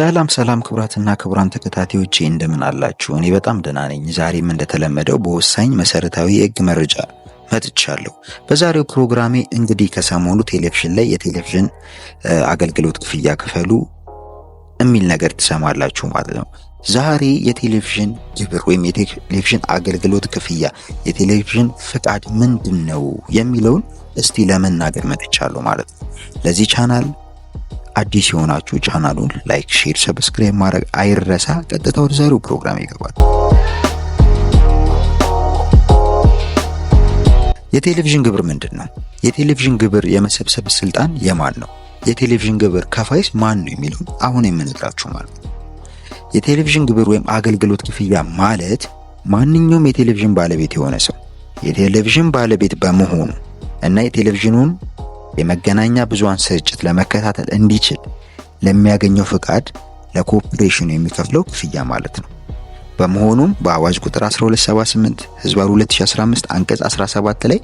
ሰላም ሰላም ክቡራትና ክቡራን ተከታታዮቼ እንደምን አላችሁ? እኔ በጣም ደህና ነኝ። ዛሬም እንደተለመደው በወሳኝ መሰረታዊ የህግ መረጃ መጥቻለሁ። በዛሬው ፕሮግራሜ እንግዲህ ከሰሞኑ ቴሌቪዥን ላይ የቴሌቪዥን አገልግሎት ክፍያ ክፈሉ የሚል ነገር ትሰማላችሁ ማለት ነው። ዛሬ የቴሌቪዥን ግብር ወይም የቴሌቪዥን አገልግሎት ክፍያ የቴሌቪዥን ፍቃድ ምንድን ነው የሚለውን እስቲ ለመናገር መጥቻለሁ ማለት ነው። ለዚህ ቻናል አዲስ የሆናችሁ ቻናሉን ላይክ፣ ሼር፣ ሰብስክራይብ ማድረግ አይረሳ። ቀጥታ ወደ ዛሬው ፕሮግራም ይገባል። የቴሌቪዥን ግብር ምንድን ነው? የቴሌቪዥን ግብር የመሰብሰብ ስልጣን የማን ነው? የቴሌቪዥን ግብር ከፋይስ ማን ነው የሚለውን አሁን የምነግራችሁ ማለት ነው። የቴሌቪዥን ግብር ወይም አገልግሎት ክፍያ ማለት ማንኛውም የቴሌቪዥን ባለቤት የሆነ ሰው የቴሌቪዥን ባለቤት በመሆኑ እና የቴሌቪዥኑን የመገናኛ ብዙሃን ስርጭት ለመከታተል እንዲችል ለሚያገኘው ፍቃድ ለኮርፖሬሽኑ የሚከፍለው ክፍያ ማለት ነው። በመሆኑም በአዋጅ ቁጥር 1278 ህዝባዊ 2015 አንቀጽ 17 ላይ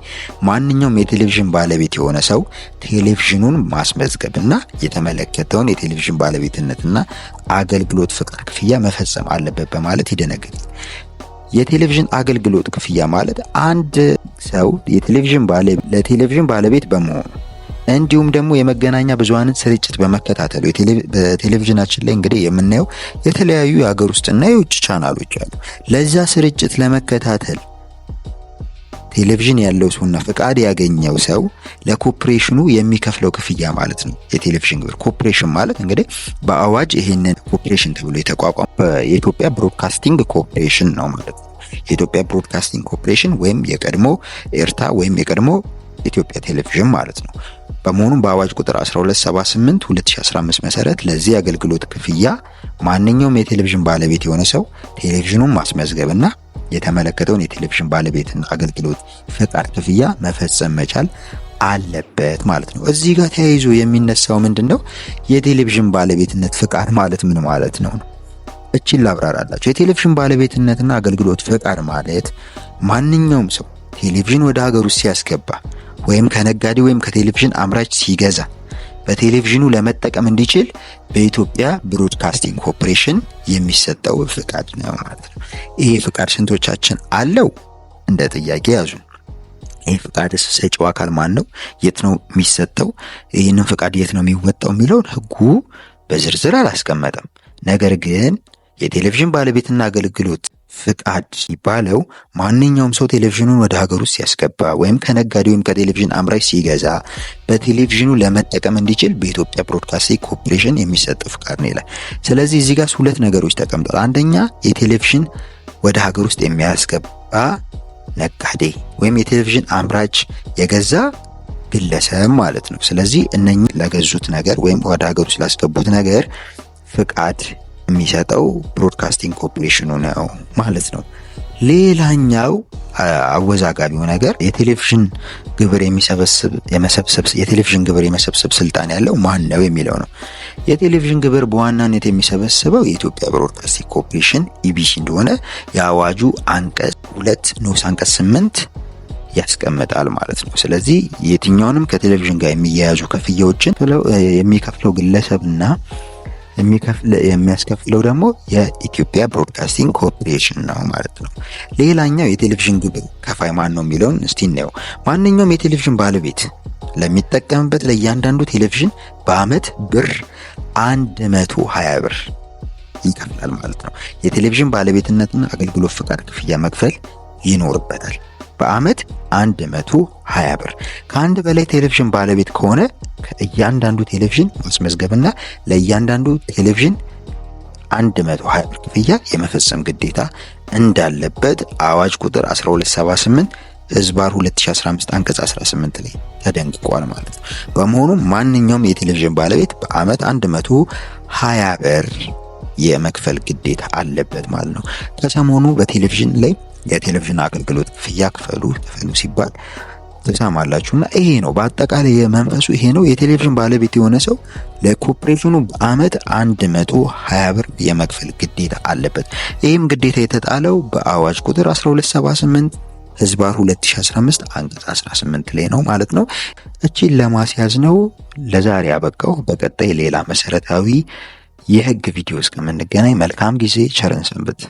ማንኛውም የቴሌቪዥን ባለቤት የሆነ ሰው ቴሌቪዥኑን ማስመዝገብና የተመለከተውን የቴሌቪዥን ባለቤትነትና አገልግሎት ፍቃድ ክፍያ መፈጸም አለበት በማለት ይደነግጋል። የቴሌቪዥን አገልግሎት ክፍያ ማለት አንድ ሰው የቴሌቪዥን ለቴሌቪዥን ባለቤት በመሆኑ እንዲሁም ደግሞ የመገናኛ ብዙሃንን ስርጭት በመከታተሉ በቴሌቪዥናችን ላይ እንግዲህ የምናየው የተለያዩ የሀገር ውስጥና የውጭ ቻናሎች አሉ። ለዛ ስርጭት ለመከታተል ቴሌቪዥን ያለው ሰውና ፈቃድ ያገኘው ሰው ለኮርፖሬሽኑ የሚከፍለው ክፍያ ማለት ነው የቴሌቪዥን ግብር። ኮርፖሬሽን ማለት እንግዲህ በአዋጅ ይሄንን ኮርፖሬሽን ተብሎ የተቋቋመ የኢትዮጵያ ብሮድካስቲንግ ኮርፖሬሽን ነው ማለት ነው። የኢትዮጵያ ብሮድካስቲንግ ኮርፖሬሽን ወይም የቀድሞ ኤርታ ወይም የቀድሞ ኢትዮጵያ ቴሌቪዥን ማለት ነው። በመሆኑም በአዋጅ ቁጥር 1278 2015 መሰረት ለዚህ አገልግሎት ክፍያ ማንኛውም የቴሌቪዥን ባለቤት የሆነ ሰው ቴሌቪዥኑን ማስመዝገብና የተመለከተውን የቴሌቪዥን ባለቤትን አገልግሎት ፈቃድ ክፍያ መፈጸም መቻል አለበት ማለት ነው። እዚህ ጋር ተያይዞ የሚነሳው ምንድን ነው? የቴሌቪዥን ባለቤትነት ፍቃድ ማለት ምን ማለት ነው? እችን ላብራራላቸው። የቴሌቪዥን ባለቤትነትና አገልግሎት ፍቃድ ማለት ማንኛውም ሰው ቴሌቪዥን ወደ ሀገር ውስጥ ሲያስገባ ወይም ከነጋዴ ወይም ከቴሌቪዥን አምራች ሲገዛ በቴሌቪዥኑ ለመጠቀም እንዲችል በኢትዮጵያ ብሮድካስቲንግ ኮርፖሬሽን የሚሰጠው ፍቃድ ነው ማለት ነው። ይሄ ፍቃድ ስንቶቻችን አለው? እንደ ጥያቄ ያዙን። ይህ ፍቃድ ሰጪው አካል ማን ነው? የት ነው የሚሰጠው? ይህንን ፍቃድ የት ነው የሚወጣው የሚለውን ህጉ በዝርዝር አላስቀመጠም። ነገር ግን የቴሌቪዥን ባለቤትና አገልግሎት ፍቃድ ሲባለው ማንኛውም ሰው ቴሌቪዥኑን ወደ ሀገር ውስጥ ሲያስገባ ወይም ከነጋዴ ወይም ከቴሌቪዥን አምራች ሲገዛ በቴሌቪዥኑ ለመጠቀም እንዲችል በኢትዮጵያ ብሮድካስቲንግ ኮርፖሬሽን የሚሰጥ ፍቃድ ነው ይላል። ስለዚህ እዚህ ጋር ሁለት ነገሮች ተቀምጧል። አንደኛ የቴሌቪዥን ወደ ሀገር ውስጥ የሚያስገባ ነጋዴ ወይም የቴሌቪዥን አምራች የገዛ ግለሰብ ማለት ነው። ስለዚህ እነኚህ ለገዙት ነገር ወይም ወደ ሀገር ውስጥ ላስገቡት ነገር ፍቃድ የሚሰጠው ብሮድካስቲንግ ኮርፖሬሽኑ ነው ማለት ነው። ሌላኛው አወዛጋቢው ነገር የቴሌቪዥን ግብር የሚሰበስብ የመሰብሰብ የቴሌቪዥን ግብር የመሰብሰብ ስልጣን ያለው ማን ነው የሚለው ነው። የቴሌቪዥን ግብር በዋናነት የሚሰበስበው የኢትዮጵያ ብሮድካስቲንግ ኮርፖሬሽን ኢቢሲ እንደሆነ የአዋጁ አንቀጽ ሁለት ንዑስ አንቀጽ ስምንት ያስቀምጣል ማለት ነው። ስለዚህ የትኛውንም ከቴሌቪዥን ጋር የሚያያዙ ክፍያዎችን የሚከፍለው ግለሰብና የሚያስከፍለው ደግሞ የኢትዮጵያ ብሮድካስቲንግ ኮርፖሬሽን ነው ማለት ነው። ሌላኛው የቴሌቪዥን ግብ ከፋይ ማን ነው የሚለውን እስቲ እናየው። ማንኛውም የቴሌቪዥን ባለቤት ለሚጠቀምበት ለእያንዳንዱ ቴሌቪዥን በአመት ብር 120 ብር ይከፍላል ማለት ነው። የቴሌቪዥን ባለቤትነትና አገልግሎት ፍቃድ ክፍያ መክፈል ይኖርበታል። በአመት 120 ብር። ከአንድ በላይ ቴሌቪዥን ባለቤት ከሆነ ከእያንዳንዱ ቴሌቪዥን ማስመዝገብና ለእያንዳንዱ ቴሌቪዥን 120 ብር ክፍያ የመፈጸም ግዴታ እንዳለበት አዋጅ ቁጥር 1278 ህዝባር 2015 አንቀጽ 18 ላይ ተደንግቋል ማለት ነው። በመሆኑም ማንኛውም የቴሌቪዥን ባለቤት በአመት 120 ብር የመክፈል ግዴታ አለበት ማለት ነው። ከሰሞኑ በቴሌቪዥን ላይ የቴሌቪዥን አገልግሎት ክፍያ ክፈሉ ክፈሉ ሲባል ትሰማላችሁና ይሄ ነው በአጠቃላይ የመንፈሱ ይሄ ነው። የቴሌቪዥን ባለቤት የሆነ ሰው ለኮርፖሬሽኑ በአመት 120 ብር የመክፈል ግዴታ አለበት። ይህም ግዴታ የተጣለው በአዋጅ ቁጥር 1278 ህዝባር 2015 አንቀጽ 18 ላይ ነው ማለት ነው። እቺን ለማስያዝ ነው ለዛሬ ያበቃው። በቀጣይ ሌላ መሰረታዊ የህግ ቪዲዮ እስከምንገናኝ መልካም ጊዜ፣ ቸርን ሰንብት።